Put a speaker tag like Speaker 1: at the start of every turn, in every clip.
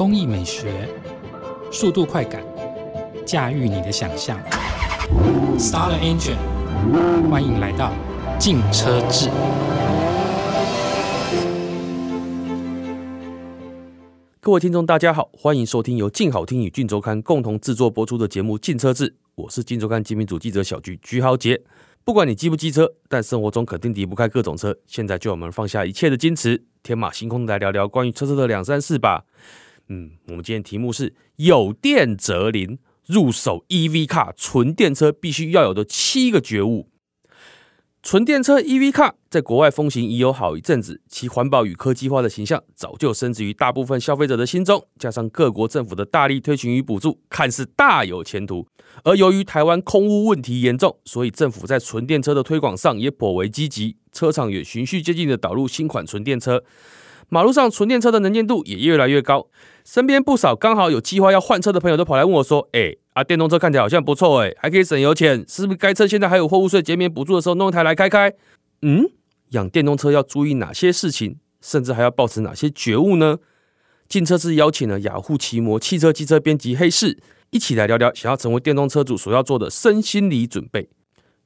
Speaker 1: 工藝美學、速度快感、駕馭你的想象。Star Engine，歡迎來到《進車誌》。各位聽眾，大家好，歡迎收聽由《靜好聽》與《靜週刊》共同製作播出的節目《進車誌》，我是《靜週刊》金民主記者小菊菊豪杰。不管你機不機車，但生活中肯定離不開各種車。現在就讓我們放下一切的矜持，天馬行空地來聊聊關於車車的兩三事吧。嗯，我們今天題目是“有電則靈”，入手 EV car 純電車必須要有的七個覺悟。純電車 EV car 在國外風行已有好一陣子，其環保與科技化的形象早就深植於大部分消費者的心中。加上各國政府的大力推行與補助，看似大有前途。而由於台灣空污問題嚴重，所以政府在純電車的推廣上也頗為積極，車廠也循序漸進的導入新款純電車。馬路上純電車的能見度也越來越高，身邊不少剛好有計劃要換車的朋友都跑來問我說：“哎，啊，電動車看起來好像不錯，誒，還可以省油錢，是不是？該車現在還有貨物稅減免補助的時候，弄一台來開開。”嗯，養電動車要注意哪些事情，甚至還要保持哪些覺悟呢？進車次邀請了雅虎奇摩汽車機車編輯黑市一起來聊聊，想要成為電動車主所要做的身心理準備。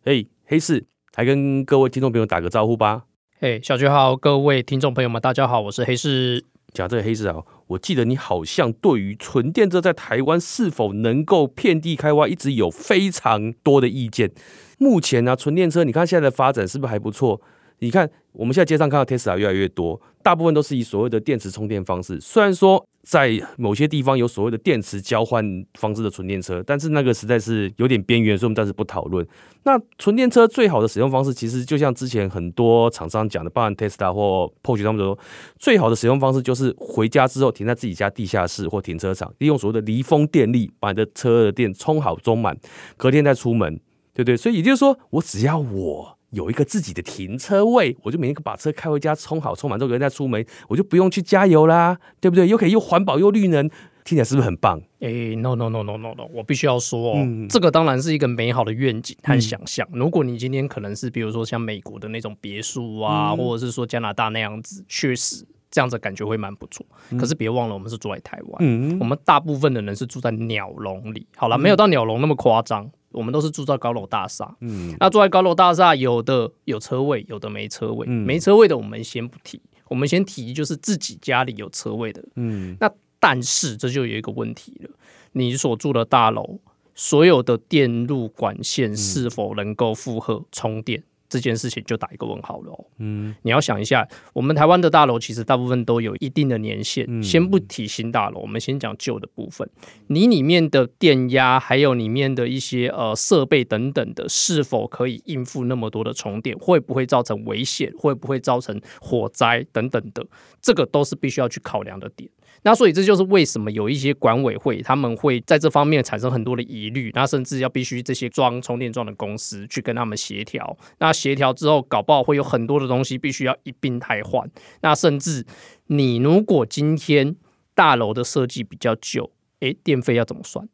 Speaker 1: 嘿，黑市，來跟各位聽眾朋友打個招呼吧。哎、hey，小菊好，各位聽眾朋友們，大家好，我是黑市。講這個黑市啊，我記得你好像對於純電車在台灣是否能夠遍地開花，一直有非常多的意見。目前呢、啊，純電車，你看現在的發展是不是還不錯？你看，我們現在街上看到 Tesla 越來越多，大部分都是以所謂的電池充電方式。雖然說在某些地方有所謂的電池交換方式的純電車，但是那個實在是有點邊緣，所以我們暫時不討論。那純電車最好的使用方式，其實就像之前很多廠商講的，包含 Tesla 或 Porsche 他們說，最好的使用方式就是回家之後停在自己家地下室或停車場，利用所謂的離峰電力把你的車的電充好、充滿，隔天再出門，對不對，對？所以也就是說，我只要我。有一個自己的停車位，我就每天把車開回家，充好、充滿之後然後再出門，我就不用去加油啦，對不對？又可以又環保又綠能，聽起來是不是很棒？哎、欸，no no no no no no，我必須要說哦、嗯，這個
Speaker 2: 當然是一個美好的願景和想象、嗯。如果你今天可能是比如說像美國的那種別墅啊、嗯，或者是說加拿大那樣子，確實這樣子感覺會蠻不錯、嗯。可是別忘了，我們是住在台灣、嗯，我們大部分的人是住在鳥籠裡。好了，沒有到鳥籠那麼誇張。嗯我們都是住在高樓大廈，嗯，那住在高樓大廈，有的有車位，有的沒車位，嗯，沒車位的我們先不提，我們先提就是自己家裡有車位的，嗯，那但是這就有一個問題了，你所住的大樓所有的電路管線是否能夠負荷充電？嗯這件事情就打一個問號了。嗯，你要想一下，我們台灣的大樓其實大部分都有一定的年限，嗯。先不提新大樓，我們先講舊的部分。你裡面的電壓，還有裡面的一些呃設備等等的，是否可以應付那麼多的充電？會不會造成危險？會不會造成火災等等的？這個都是必須要去考量的點。那所以這就是為什麼有一些管委會他們會在這方面產生很多的疑慮，那甚至要必須這些裝充電樁的公司去跟他們協調。那協調之後，搞不好會有很多的東西必須要一併汰換。那甚至你如果今天大樓的設計比較久誒，電費要怎麼算？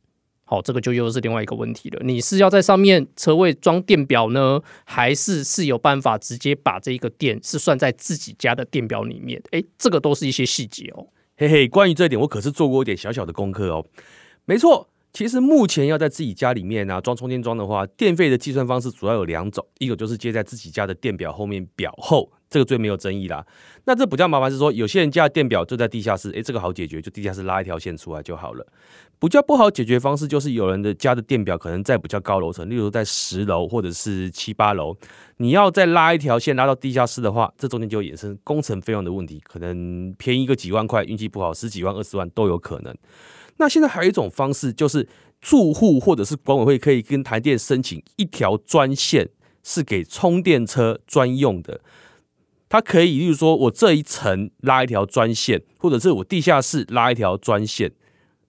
Speaker 2: 好，哦，這個就又是另外一個問題了。你是要在上面車位裝電表呢，還是是有辦法直接把這
Speaker 1: 個電是算在自己家的電表裡面？誒？這個都是一些細節哦。嘿嘿，關於這一點，我可是做過一點小小的功課哦，沒錯。其實目前要在自己家裡面呢裝充電樁的話，電費的計算方式主要有兩種，一個就是接在自己家的電表後面，表後這個最沒有爭議啦。那這比較麻煩是說，有些人家的電表就在地下室，誒，這個好解決，就地下室拉一條線出來就好了。比較不好解決方式就是有人的家的電表可能在比較高樓層，例如在十樓或者是七八樓，你要再拉一條線拉到地下室的話，這中間就會衍生工程費用的問題，可能便宜個幾萬塊，運氣不好十幾萬、二十萬都有可能。那現在還有一種方式，就是住戶或者是管委會可以跟台電申請一條專線，是給充電車專用的。它可以，例如說，我這一層拉一條專線，或者是我地下室拉一條專線，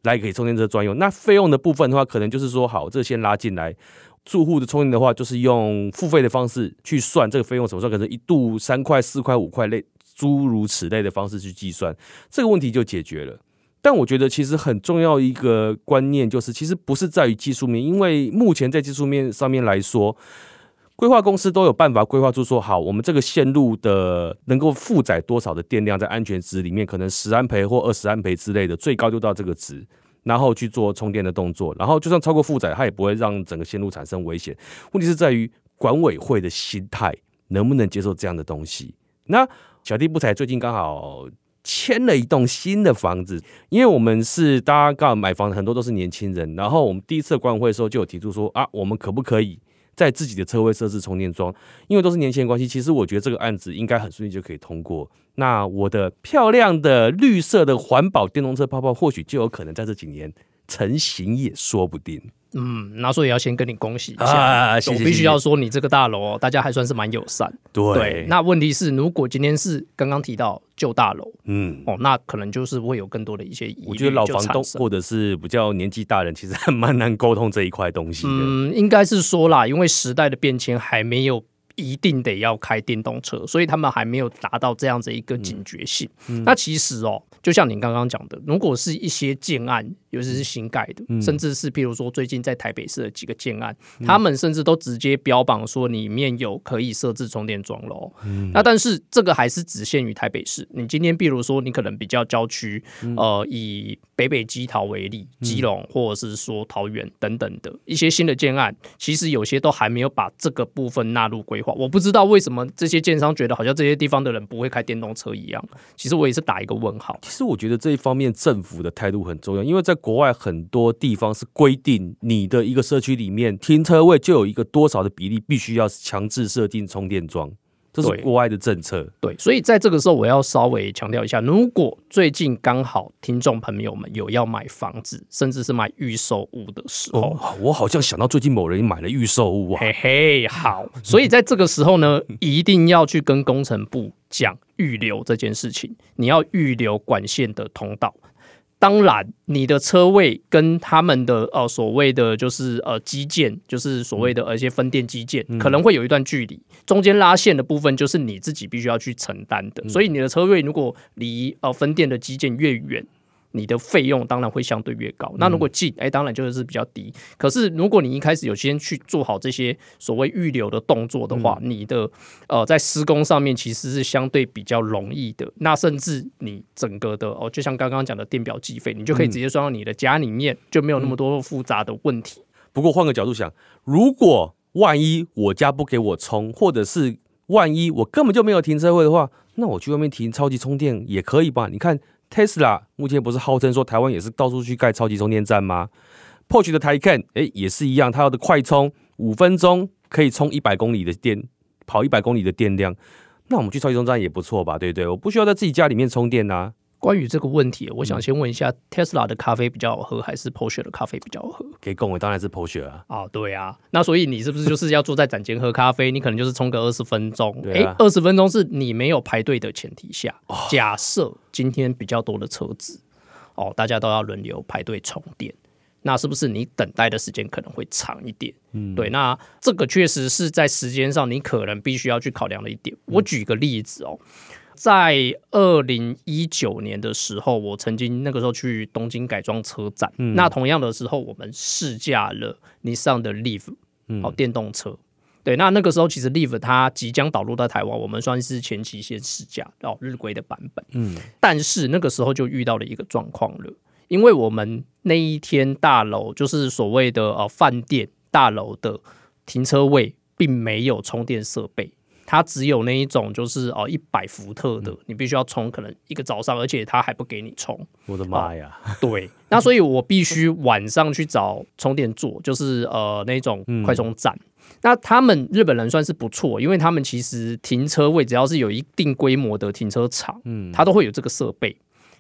Speaker 1: 來給充電車專用。那費用的部分的話，可能就是說，好，這先拉進來。住戶的充電的話，就是用付費的方式去算這個費用，怎麼算？可能一度三塊、四塊、五塊類諸如此類的方式去計算，這個問題就解決了。但我覺得其實很重要一個觀念就是，其實不是在於技術面，因為目前在技術面上面來說，規劃公司都有辦法規劃出說，好，我們這個線路的能夠負載多少的電量，在安全值裡面，可能十安培或二十安培之類的，最高就到這個值，然後去做充電的動作，然後就算超過負載，它也不會讓整個線路產生危險。問題是在於管委會的心態能不能接受這樣的東西？那小弟不才，最近剛好。簽了一棟新的房子，因為我們是大家剛好買房很多都是年輕人，然後我們第一次的管委會的時候就有提出說啊，我們可不可以在自己的車位設置充電樁？因為都是年輕人關係，其實我覺得這個案子應該很順利就可以通過。那我的漂亮的綠色的環保電動車泡泡，或許就有可能在這幾年成型也說不定。嗯，那所以要
Speaker 2: 先跟你恭喜一下，啊、我必須要說你這個大樓、哦啊，大家還算是蠻友善對。對，那問題是，如果今天是剛剛提到舊大樓，嗯，哦，那可能就是會有更多的一些疑慮。我覺得老房東或
Speaker 1: 者是比較年紀大人，其實還蠻難溝通這一塊東西的。嗯，
Speaker 2: 應該是說啦，因為時代的變遷還沒有。一定得要開電動車，所以他們還沒有達到這樣子一個警覺性。嗯嗯、那其實哦、喔，就像您剛剛講的，如果是一些建案，尤其是新蓋的、嗯，甚至是譬如說最近在台北市的幾個建案，他們甚至都直接標榜說裡面有可以設置充電樁樓、嗯。那但是這個還是只限於台北市。你今天譬如說，你可能比較郊區，呃，以北北基桃為例，基隆或者是說桃園等等的一些新的建案，其實有些都還沒有把這個部分納入規。我不知道為什麼這些建商覺得好像這些地方的人不會開電動車一樣，
Speaker 1: 其實我也是打一個問號。其實我覺得這一方面政府的態度很重要，因為在國外很多地方是規定你的一個社區裡面停車位就有一個多少的比例必須要強制設定充電樁。這是國外的政策，對，對，所以在這個時候，我要
Speaker 2: 稍微強調一下，如果最近剛好聽眾朋友們有要買房子，甚至是買預售屋的時候，哦，
Speaker 1: 我好像想到最
Speaker 2: 近某人買了預售屋啊，嘿嘿，好，所以在這個時候呢， 一定要去跟工程部講預留這件事情，你要預留管線的通道。當然，你的車位跟他們的呃所謂的就是呃基建，就是所謂的一些分店基建，可能會有一段距離。中間拉線的部分，就是你自己必須要去承擔的。所以，你的車位如果離呃分店的基建越遠。你的費用當然會相對越高。嗯、那如果近，誒、欸，當然就是比較低。可是如果你一開始有先去做好這些所謂預留的動作的話，嗯、你的呃在施工上面其實是相對比較容易的。那甚至你整個的哦，就像剛剛講的電
Speaker 1: 表計費，你就可以直接算到你的家裡面，嗯，就沒有那麼多複雜的問題。不過換個角度想，如果萬一我家不給我充，或者是萬一我根本就沒有停車位的話，那我去外面停超級充電也可以吧？你看。特斯拉目前不是號稱說台灣也是到處去蓋超級充電站嗎？Porsche 的 Taycan 哎、欸、也是一樣，它要的快充五分鐘可以充一百公里的電，跑一百公里的電量，那我們去超級充電站也不錯吧，對不對，對？我不需要在自己家裡面充電啊。關於這個問
Speaker 2: 題，我想先問一下、嗯、Tesla 的咖啡比較好喝，還是 Porsche 的咖啡比較好喝？
Speaker 1: 給各位當然是 Porsche 啊！啊、哦，
Speaker 2: 對啊，那所以你是不是就是要坐在展間喝咖啡？ 你可能就是充個二十分鐘，哎、啊，二十分鐘是你沒有排隊的前提下、哦。假設今天比較多的車子，哦，大家都要輪流排隊充電，那是不是你等待的時間可能會長一點？嗯，對，那這個確實是在時間上你可能必須要去考量的一點。嗯、我舉個例子哦在二零一九年的時候，我曾經那個時候去東京改裝車展，嗯、那同樣的時候，我們試駕了 Nissan 的 LEAF 好、嗯哦、電動車。對，那那個時候其實 LEAF 它即將導入到台灣，我們算是前期先試駕哦日規的版本、嗯。但是那個時候就遇到了一個狀況了，因為我們那一天大樓就是所謂的呃飯店大樓的停車位，並沒有充電設備。它只有那一種，就是呃一百伏特的，嗯、你必須要充，可能一個早上，而且它還不給你充。我的媽呀、呃！對， 那所以我必須晚上去找充電座，就是呃那種快充站、嗯。那他們日本人算是不錯，因為他們其實停車位只要是有一定規模的停車場，嗯，它都會有這個設備。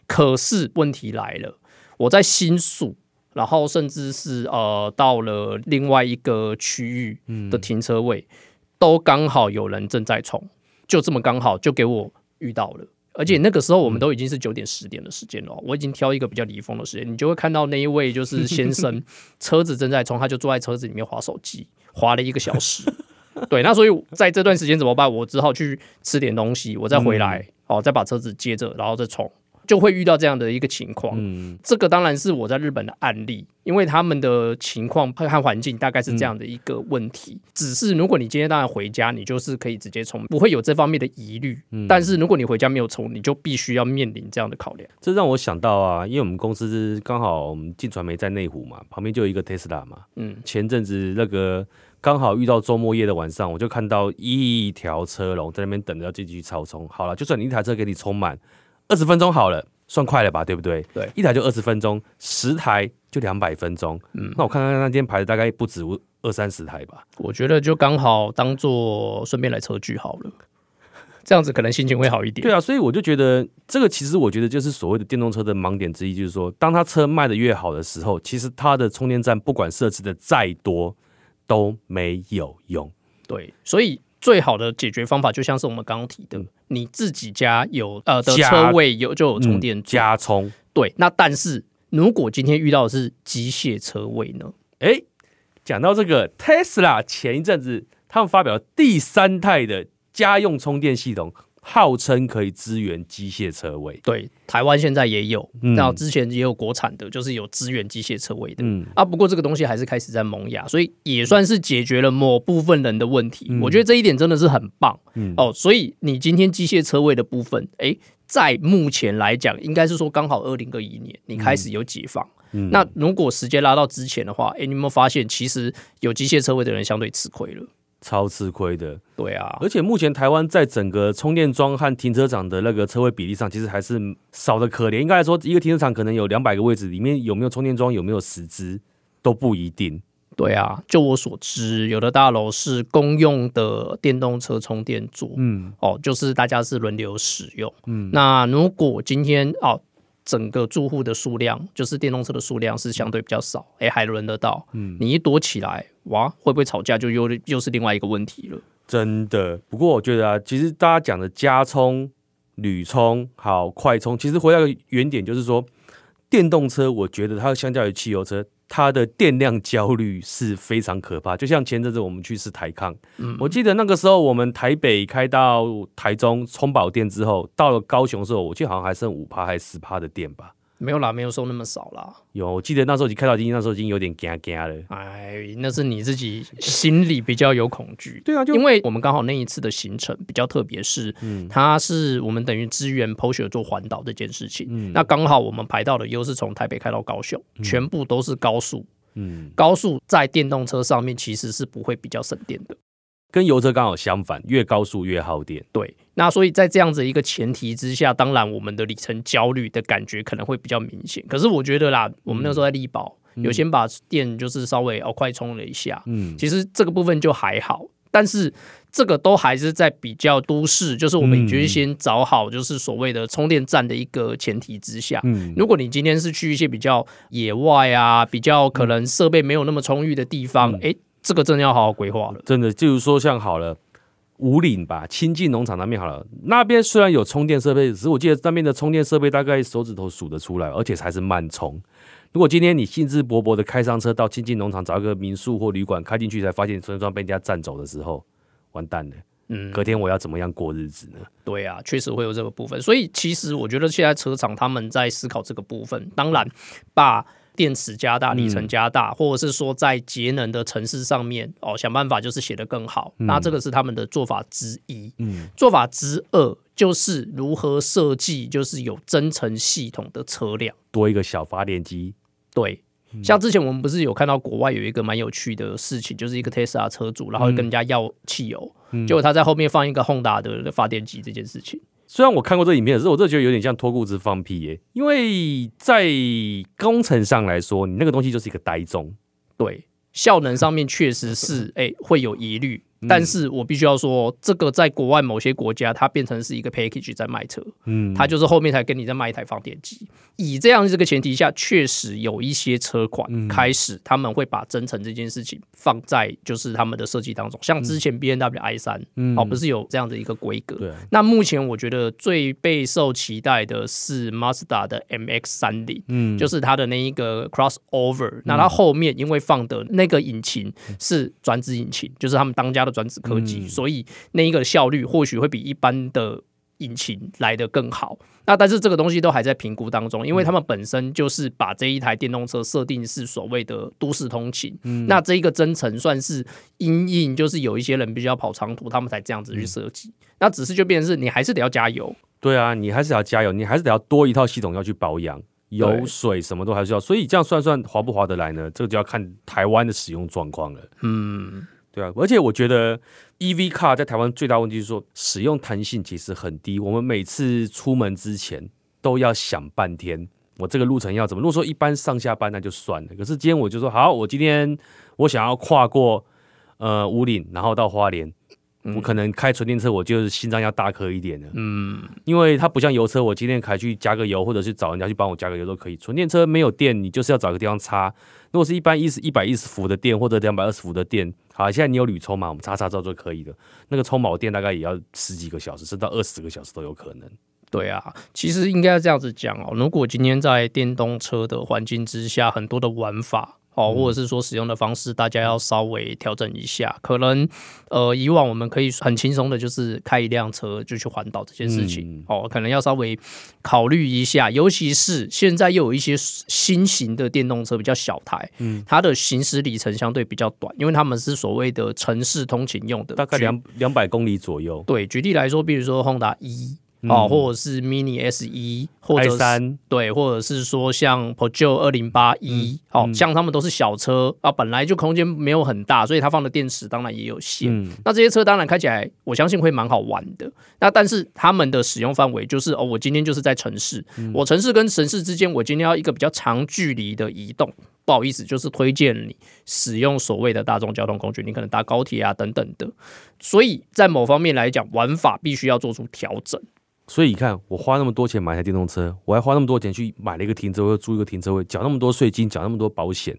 Speaker 2: 可是問題來了，我在新宿，然後甚至是呃到了另外一個區域的停車位。嗯都剛好有人正在充，就這麼剛好就給我遇到了。而且那個時候我們都已經是九點十點的時間了，我已經挑一個比較離峰的時間，你就會看到那一位就是先生， 車子正在充，他就坐在車子裡面滑手機，滑了一個小時。 對，那所以在這段時間怎麼辦？我只好去吃點東西，我再回來，嗯、哦，再把車子接着，然後再充。就會遇到這樣的一個情況，嗯，這個當然是我在日本的案例，因為他們的情況和環境大概是這樣的一個問題。嗯，只是如果你今天當然回家，你就是可以直接充，不會有這方面的疑慮，嗯。但是如
Speaker 1: 果你回家沒有充，你就必須要面臨這樣的考量。這讓我想到啊，因為我們公司是剛好我們勁傳媒在內湖嘛，旁邊就有一個特斯拉嘛。嗯，前陣子那個剛好遇到週末夜的晚上，我就看到一條車龍在那邊等着要進去超充。好了，就算你一台車給你充滿。二十分鐘好了，算快了吧，對不對？對，一台就二十分鐘，十台就兩百分鐘。嗯，那我看看，那間排的大概不止二三十台吧？我覺得就剛好當做順便來車聚好了，
Speaker 2: 這樣子可能心情會好一點。對
Speaker 1: 啊，所以我就覺得這個其實我覺得就是所謂的電動車的盲點之一，就是說，當他車賣的越好的時候，其實他的充電站不管設置的再多都沒有用。對，所以。最好的解決方法就像是我們剛剛提的、嗯，
Speaker 2: 你自己家有呃的車位有就有充電樁、嗯。
Speaker 1: 加充對，那但是如果今天遇到的是機械車位呢？哎、欸，講到這個，特斯拉前一陣子他們發表第三代的家用充電系統。號稱可以支援機械車位，對，台灣現在也有，那、嗯、之
Speaker 2: 前也有國產的，就是有支援機械車位的、嗯，啊，不過這個東西還是開始在萌芽，所以也算是解決了某部分人的問題。嗯、我覺得這一點真的是很棒、嗯，哦，所以你今天機械車位的部分，哎，在目前來講，應該是說剛好二零二一年你開始有解放、嗯嗯，那如果時間拉到之前的話，哎，你有沒有發現其實有機
Speaker 1: 械車位的人相對吃虧了？超吃虧的，對啊，而且目前台灣在整個充電樁和停車場的那個車位比例上，其實還是少的可憐。應該來說，一個停車場可能有兩百個位置，裡面有沒有充電樁，有沒有十支都不一定。對啊，就我
Speaker 2: 所知，有的大樓是公用的電動車充電座，嗯，哦，就是大家是輪流使用，嗯，那如果今天哦。整個住戶的數量，就是電動車的數量是相對比較少，哎，還輪得到？嗯，你一多起來，哇，
Speaker 1: 會不會吵架？就又又是另外一個問題了。真的，不過我覺得啊，其實大家講的家充、旅充、好快充，其實回到原點就是說，電動車，我覺得它相較於汽油車。他的電量焦慮是非常可怕，就像前陣子我們去試台抗，嗯，我記得那個時候我們台北開到台中充飽電之後，到了高雄的時候，我記得好像還剩五趴還是十趴的電吧。沒有啦，
Speaker 2: 沒有收那麼少啦。
Speaker 1: 有，我記得那時候你開到東京，那時候已經有點驚驚了。哎，那是你自
Speaker 2: 己心裡比較有恐懼。 對啊，就因為我們剛好那一次的行程比較特別，是、嗯，它是我們等於支援 Porsche 做環島這件事情。嗯、那剛好我們排到的又是從台北開到高雄、嗯，全部都是高速。嗯，高速在電動車上面其實是不會比較省電的。
Speaker 1: 跟油車剛好相反，越高速越耗電。對，
Speaker 2: 那所以在這樣子一個前提之下，當然我們的里程焦慮的感覺可能會比較明顯。可是我覺得啦，我們那時候在力保、嗯、有先把電就是稍微哦快充了一下，嗯，其實這個部分就還好。但是這個都還是在比較都市，就是我們決心先找好就是所謂的充電站的一個前提之下。嗯，如果你今天是去一些比較野外啊，比較可能設備沒有那麼充裕的地方，誒、嗯。欸
Speaker 1: 這個真的要好好規劃了。真的，就是說，像好了，武嶺吧，清境農場那邊好了，那邊雖然有充電設備，只是我記得那邊的充電設備大概手指頭數得出來，而且還是慢充。如果今天你興致勃勃的開上車到清境農場找一個民宿或旅館，開進去才發現充電樁被人家佔走的時候，完蛋了。嗯，隔天我要怎麼樣過日子呢？對啊，確實會有這個部
Speaker 2: 分。所以其實我覺得現在車廠他們在思考這個部分，當然把。電池加大里程加大，嗯，或者是說在節能的城市上面哦，想辦法就是寫得更好。那這個是他們的做法之一。嗯、做法之二就是如何設計，就是有增程系統的車輛，多一個
Speaker 1: 小發電機。
Speaker 2: 對、嗯，像之前我們不是有看到國外有一個蠻有趣的事情，就是一個 Tesla 車主，然後跟人家要汽油，嗯、結果他在後面放一個本田的發電機
Speaker 1: 這件事情。雖然我看過這影片的時候，可是我真的覺得有點像脫褲子放屁。欸、因為在工程上來說，你那個東西就是一個呆鐘，對，效能上面確
Speaker 2: 實是誒、欸、會有疑慮。但是我必須要說，這個在國外某些國家，它變成是一個 package 在賣車，嗯，它就是後面才跟你在賣一台發電機。以這樣這個前提下，確實有一些車款開始，嗯、他們會把增程這件事情放在就是他們的設計當中，像之前 BMW i3，嗯，哦，不是有這樣的一個規格，嗯。那目前我覺得最備受期待的是 Mazda 的 MX30，嗯，就是它的那一個 crossover，嗯。那它後面因為放的那個引擎是轉子引擎，就是他們當家的。轉子科技，嗯、所以那一個效率或許會比一般的引擎來得更好。那但是這個東西都還在評估當中，因為他們本身就是把這一台電動車設定是所謂的都市通勤。嗯，那這一個增程算是因應，就是有一些人必須要跑長途，他們才這樣子去設計、嗯。那只是就變成是你還是得要加油。
Speaker 1: 對啊，你還是得要加油，你還是得要多一套系統要去保養油水，什麼都還是要。所以這樣算算划不划得來呢？這個就要看台灣的使用狀況了。嗯。對啊，而且我覺得 EV car 在台灣最大問題是說，使用彈性其實很低。我們每次出門之前都要想半天，我這個路程要怎麼？如果說一般上下班那就算了，可是今天我就說好，我今天我想要跨過呃武嶺，然後到花蓮，我可能開純電車，我就是心臟要大顆一點的，嗯，因為它不像油車，我今天還去加個油，或者是找人家去幫我加個油都可以。純電車沒有電，你就是要找個地方插。如果是一般一十一百一十伏的電，或者兩百二十伏的電，好，現在你有旅充嘛？我們插插座就可以的。那個充滿電大概也要十幾個小時，甚至到二十個小時都有可能。對啊，其實應該要這樣子講哦。如果今天在電動
Speaker 2: 車的環境之下，很多的玩法，哦，或者是說使用的方式，嗯、大家要稍微調整一下。可能，呃，以往我們可以很輕鬆的，就是開一輛車就去環島這件事情，嗯。哦，可能要稍微考慮一下，尤其是現在又有一些新型的電動車比較小台，嗯、它的行駛里程相對比較短，因為他們是所謂的城市通勤用的，大概兩
Speaker 1: 兩百公里左右。
Speaker 2: 對，舉例來說，比如說 Honda E。哦，或者是 Mini SE、嗯、或者三，對，或者是說像 Peugeot 二零八一，哦、嗯，像他們都是小車啊，本來就空間沒有很大，所以它放的電池當然也有限。嗯、那這些車當然開起來，我相信會蠻好玩的。那但是他們的使用範圍就是哦，我今天就是在城市，嗯、我城市跟城市之間，我今天要一個比較長距離的移動，不好意思，就是推薦你使用所謂的大眾交通工具，你可能搭高鐵啊等等的。所以在某方面來講，玩法必須要做出
Speaker 1: 調整。所以你看，我花那麼多錢買台電動車，我還花那麼多錢去買了一個停車位，租一個停車位，繳那麼多稅金，繳那麼多保險，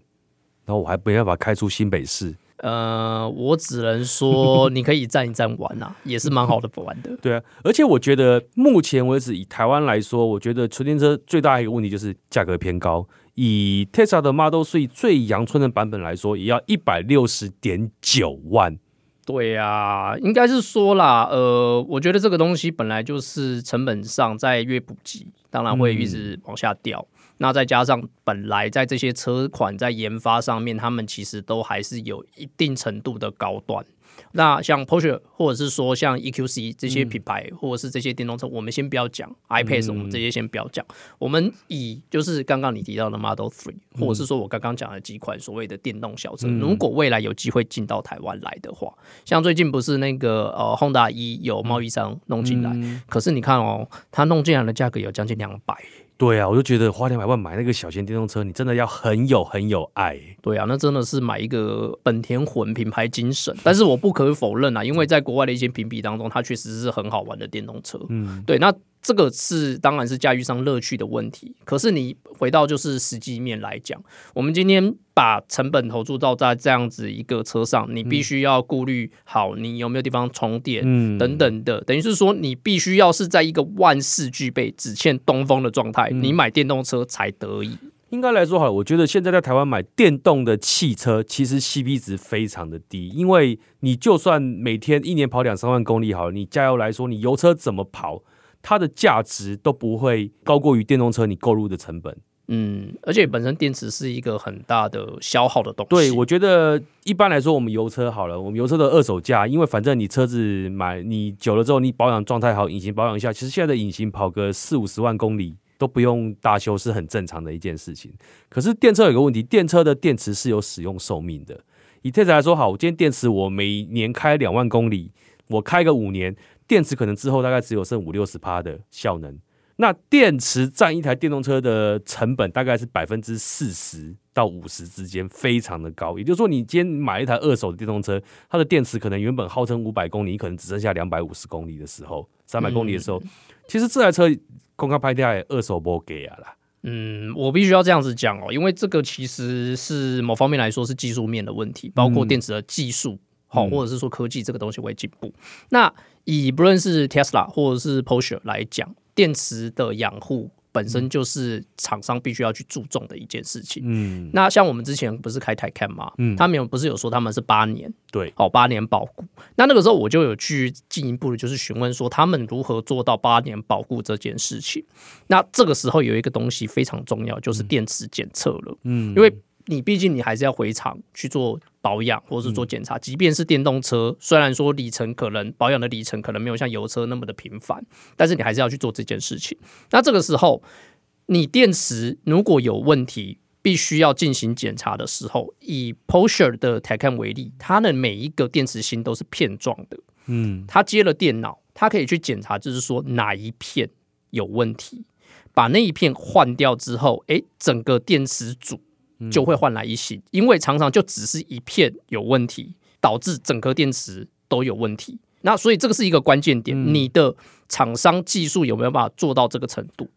Speaker 1: 然後我還沒辦法開出新北市。
Speaker 2: 呃，我只能說你可以站一站玩吶、啊， 也是蠻好的玩的。
Speaker 1: 對啊，而且我覺得目前為止以台灣來說，我覺得純電車最大一個問題就是價格偏高。以 Tesla 的 Model 3最陽春的版本來說，也要一百六十點九萬。
Speaker 2: 對呀、啊，應該是說啦，呃，我覺得這個東西本來就是成本上在越普及，當然會一直往下掉，嗯。那再加上本來在這些車款在研發上面，他們其實都還是有一定程度的高端。那像 Porsche 或者是說像 EQC 這些品牌，嗯，或者是這些電動車，我們先不要講 I-Pace 我們這些先不要講，嗯。我們以就是剛剛你提到的 Model Three，或者是說我剛剛講的幾款所謂的電動小車，嗯，如果未來有機會進到台灣來的話，像最近不是那個呃，Honda 一、e、有貿易商弄進來，嗯，可是你看哦，它弄進來的價
Speaker 1: 格有將近兩百。對啊，我就覺得花兩百萬買那個小型電動車，你真的要很有很有愛。對啊，那真的是買一個本田魂
Speaker 2: 品牌精神。 但是我不可否認啊，因為在國外的一些評比當中，它確實是很好玩的電動車。嗯，對，那。這個是當然是駕馭上樂趣的問題，可是你回到就是實際面來講，我們今天把成本投注到在這樣子一個車上，你必須要顧慮好你有沒有地方充電、嗯、等等的，等於是說你必須要是在一個萬事俱備只欠東風的狀態，嗯，你買電動車才得以。
Speaker 1: 應該來說，好，我覺得現在在台灣買電動的汽車，其實 CP 值非常的低，因為你就算每天一年跑兩三萬公里，好，你加油來說，你油車怎麼跑？它的價值都不會高過於電動車你購入的成本，嗯，
Speaker 2: 而且本身電池是一個很大的消耗的東西。
Speaker 1: 對，我覺得一般來說，我們油車好了，我們油車的二手價，因為反正你車子買你久了之後，你保養狀態好，引擎保養一下，其實現在的引擎跑個四五十萬公里都不用大修，是很正常的一件事情。可是電車有個問題，電車的電池是有使用壽命的。以 Tesla 來說，好，我今天電池我每年開兩萬公里，我開個五年。電池可能之後大概只有剩五六十趴的效能，那電池占一台電動車的成本大概是百分之四十到五十之間，非常的高。也就是說，你今天買一台二手的電動車，它的電池可能原本號稱五百公里，可能只剩下兩百五十公里的時候，三百公里的時候，嗯、其實這台車公開拍掉也二手不給啊啦。嗯，我必須
Speaker 2: 要這樣子講哦，因為這個其實是某方面來說是技術面的問題，包括電池的技術。嗯好，或者是說科技這個東西會進步，嗯。那以不論是 Tesla 或者是 Porsche 來講，電池的養護本身就是廠商必須要去注重的一件事情。嗯，那像我們之前不是開 Taycan 嗎、嗯？他們有不是有說他們是八年對，好八年保固。那那個時候我就有去進一步的就是詢問說他們如何做到八年保固這件事情。那這個時候有一個東西非常重要，就是電池檢測了。嗯，因為你畢竟你還是要回廠去做。保養或是做檢查，即便是電動車，嗯、雖然說里程可能保養的里程可能沒有像油車那麼的頻繁，但是你還是要去做這件事情。那這個時候，你電池如果有問題，必須要進行檢查的時候，以 Porsche 的 a 康為例，它的每一個電池芯都是片狀的，嗯，它接了電腦，它可以去檢查，就是說哪一片有問題，把那一片換掉之後，誒、欸，整個電池組。就會換來一新，因為常常就只是一片有問題，導致整顆電池都有問題。那所以這個是一個關鍵點，嗯，你的廠
Speaker 1: 商技術有沒有辦法做到這個程度？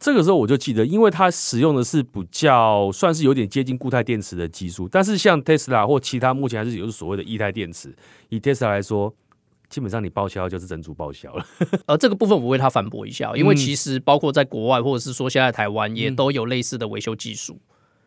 Speaker 1: 這個時候我就記得，因為它使用的是比較算是有點接近固態電池的技術，但是像 Tesla 或其他目前還是有所謂的液態電池。以 Tesla 來說，基本上你報銷就是整組報銷了。而這個
Speaker 2: 部分我為他反駁一下，因為其實包括在國外或者是說現在台灣也都有類似的維修技術。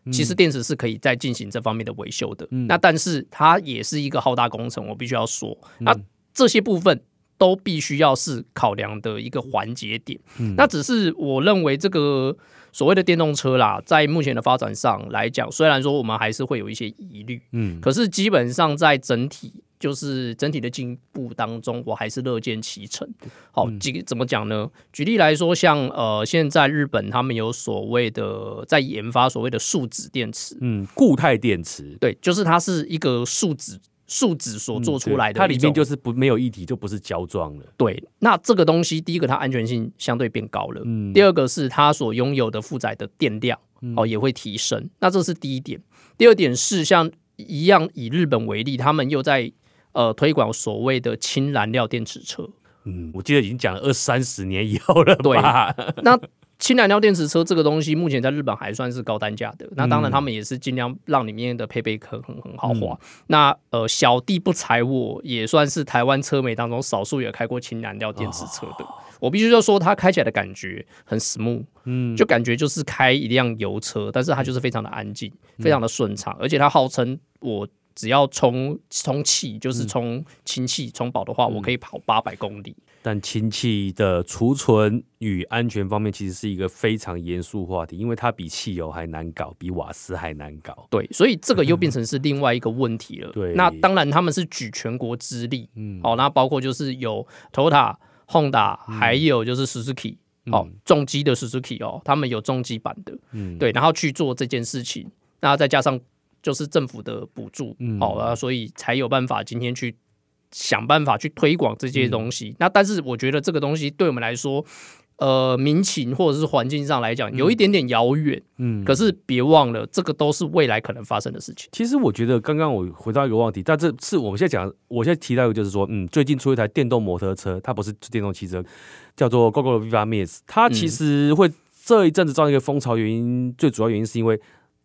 Speaker 2: 其實電池是可以再進行這方面的維修的，嗯，那但是它也是一個浩大工程，我必須要說，那這些部分都必須要是考量的一個環節點。嗯，那只是我認為，這個所謂的電動車啦，在目前的發展上來講，雖然說我們還是會有一些疑慮，嗯，可是基本上在整體。就是整體的進步當中，我還是樂見其成好、嗯。好，怎麼講呢？舉例來說像，像呃，現在日本他們有所謂的在研發所謂的樹脂電池，嗯，固態電池，對，就是它是一個樹脂樹脂所做出來的、嗯，它裡面就是
Speaker 1: 不沒有液體，就不是膠狀了。對，
Speaker 2: 那這個東西，第一個它安全性相對變高了，嗯，第二個是它所擁有的負載的電量、嗯、哦也會提升，那這是第一點。第二點是像一樣以日本為例，他們又在呃，推廣所謂的氫燃料電池車，嗯，我記得已經講了二三
Speaker 1: 十年以後了吧？對。那
Speaker 2: 氫燃料電池車這個東西，目前在日本還算是高單價的，嗯。那當然，他們也是盡量讓裡面的配備可很很豪華，嗯。那呃，小弟不才我也算是台灣車媒當中少數有開過氫燃料電池車的。哦，我必須要說，它開起來的感覺很 smooth，嗯，就感覺就是開一輛油車，但是它就是非常的安靜，嗯，非常的順暢，而且它號稱我。只要充充氣，就是充氫氣、嗯、充飽的話，我可以跑八百公里。
Speaker 1: 但氫氣的儲存與安全方面，其實是一個非常嚴肅話題，因為它比汽油還難搞，比瓦斯還難搞。對，所以這個又變成是另外一個問題了。對、嗯，那當然
Speaker 2: 他們是舉全國之力，嗯，哦，那包括就是有 Toyota Honda、嗯、Honda，還有就是 Suzuki，嗯、哦，重機的 Suzuki 哦，他們有重機版的，嗯，對，然後去做這件事情，那再加上。就是政府的補助，好、嗯、啊、哦，所以才有辦法今天去想辦法去推廣這些東西、嗯。那但是我覺得這個東西對我們來說，呃，民情或者是環境上來講、嗯、有一點點遙遠。嗯，可是
Speaker 1: 別忘了，這個都是未來可能發生的事情。其實我覺得剛剛我回到一個問題，但這次我們現在講，我現在提到的就是說，嗯，最近出一台電動摩托車，它不是電動汽車，叫做 Gogoro Viva Miss，它其實會這一陣子造一個風潮，原因最主要原因是因為。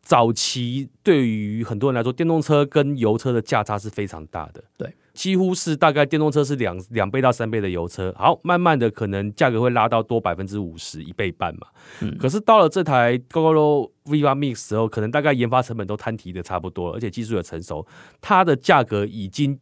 Speaker 1: 早期對於很多人來說，電動車跟油車的價差是非常大的，對，幾乎是大概電動車是兩兩倍到三倍的油車。好，慢慢的可能價格會拉到多百分之五十一倍半嘛。嗯。可是到了這台 Gogoro V8 Mix 的時候，可能大概研發成本都攤提的差不多了，而且技術也成熟，它的價格已經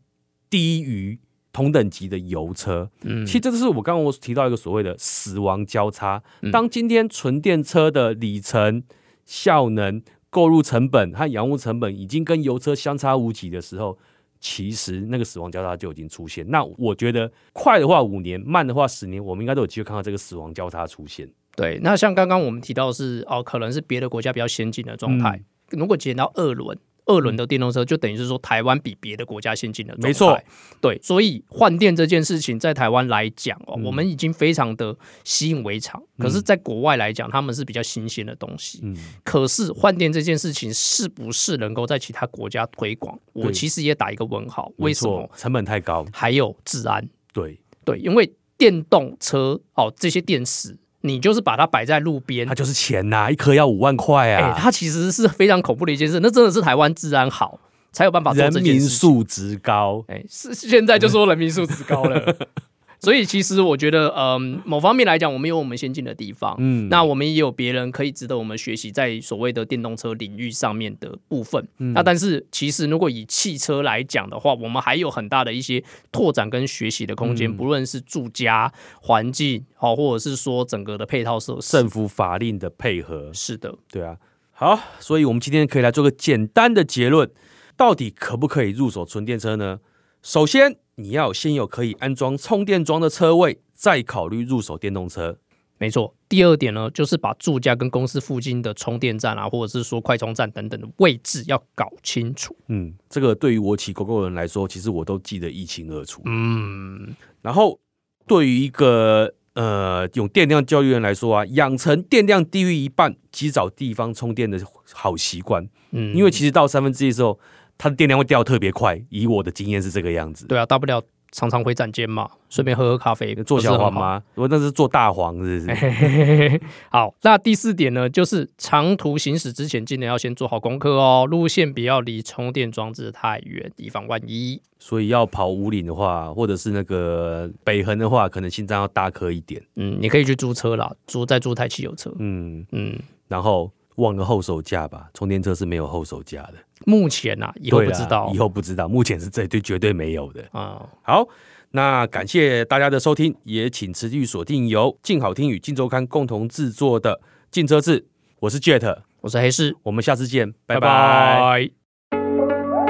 Speaker 1: 低於同等級的油車。嗯。其實這就是我剛剛我提到一個所謂的死亡交叉。嗯。當今天純電車的里程效能，購入成本和養護成本已經跟油車相差無幾的時候，其實那個死亡交叉就已經出現。那我覺得快的話五年，慢的話十年，我們應該都有機會看到這個死亡交叉出現。對，那像剛剛我們提到的是哦，
Speaker 2: 可能是別的國家比較先進的狀態。嗯，如果減到二輪。二輪的電動車就等於是說，台灣比別的國家先進的，沒錯。對，所以換電這件事情在台灣來講哦、嗯，我們已經非常的習以為常。嗯、可是，在國外來講，他們是比較新鮮的東西。嗯、可是換電這件事情是不是能夠在其他國家推廣？我其實也打一個問號。為什麼？成本太高，還有治安。對對，因為電動車哦，這些電池。你就是把它擺在路邊，它就是錢吶、啊，一顆要五萬塊啊、欸！它其實是非常恐怖的一件事，那真的是台灣治安好才有辦法做這件事，人民
Speaker 1: 素質高。哎、欸，是
Speaker 2: 現在就說人民素質高了。 所以，其實我覺得，嗯、呃，某方面來講，我們有我們先進的地方，嗯，那我們也有別人可以值得我們學習，在所謂的電動車領域上面的部分。嗯、那但是，其實如果以汽車來講的話，我們還有很大的一些拓展跟學習的空間，嗯、不論是住家環境，
Speaker 1: 好，或者是說整個的配套設施、政府法令的配合。是的，對啊。好，所以我們今天可以來做個簡單的結論：到底可不可以入手純電車呢？首先。你要先有可以安裝充電樁的車位，再考慮入
Speaker 2: 手電動車。沒錯，第二點呢，就是把住家跟公司附近的充電站啊，或者是說快充站等等的位置要搞清楚。嗯，
Speaker 1: 這個對於我騎公共人來說，其實我都記得一清二楚。嗯，然後對於一個呃用電量教育人來說啊，養成電量低於一半及找地方充電的好習慣。嗯，因為其實到三分之一之後，它的電量會掉特別快，以我的經驗是這個樣子。
Speaker 2: 對啊，大不了常常回展間嘛，順便喝喝咖啡，坐小黃嗎？我那是坐大黃，是不是。 好，那第四點呢，就是長途行駛之前，儘量要先做好功課哦，路線不要離充電裝置太遠，以防萬一。
Speaker 1: 所以要跑武嶺的話，或者是那個北橫的話，可能心臟要大顆一點。嗯，你可以去租車啦，租再租台汽油車。嗯嗯，然後。忘了後手架吧，充電車是沒有後手架的。目前吶、啊，以後不知道，以後不知道。目前是這對絕對沒有的啊、嗯。好，那感謝大家的收聽，也請持續鎖定由鏡好聽與鏡週刊共同製作的《鏡車誌》，我是 Jet，我是黑市，我們下次見，拜拜。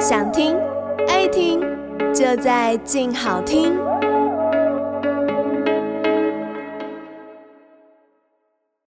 Speaker 1: 想聽愛聽就在鏡好聽。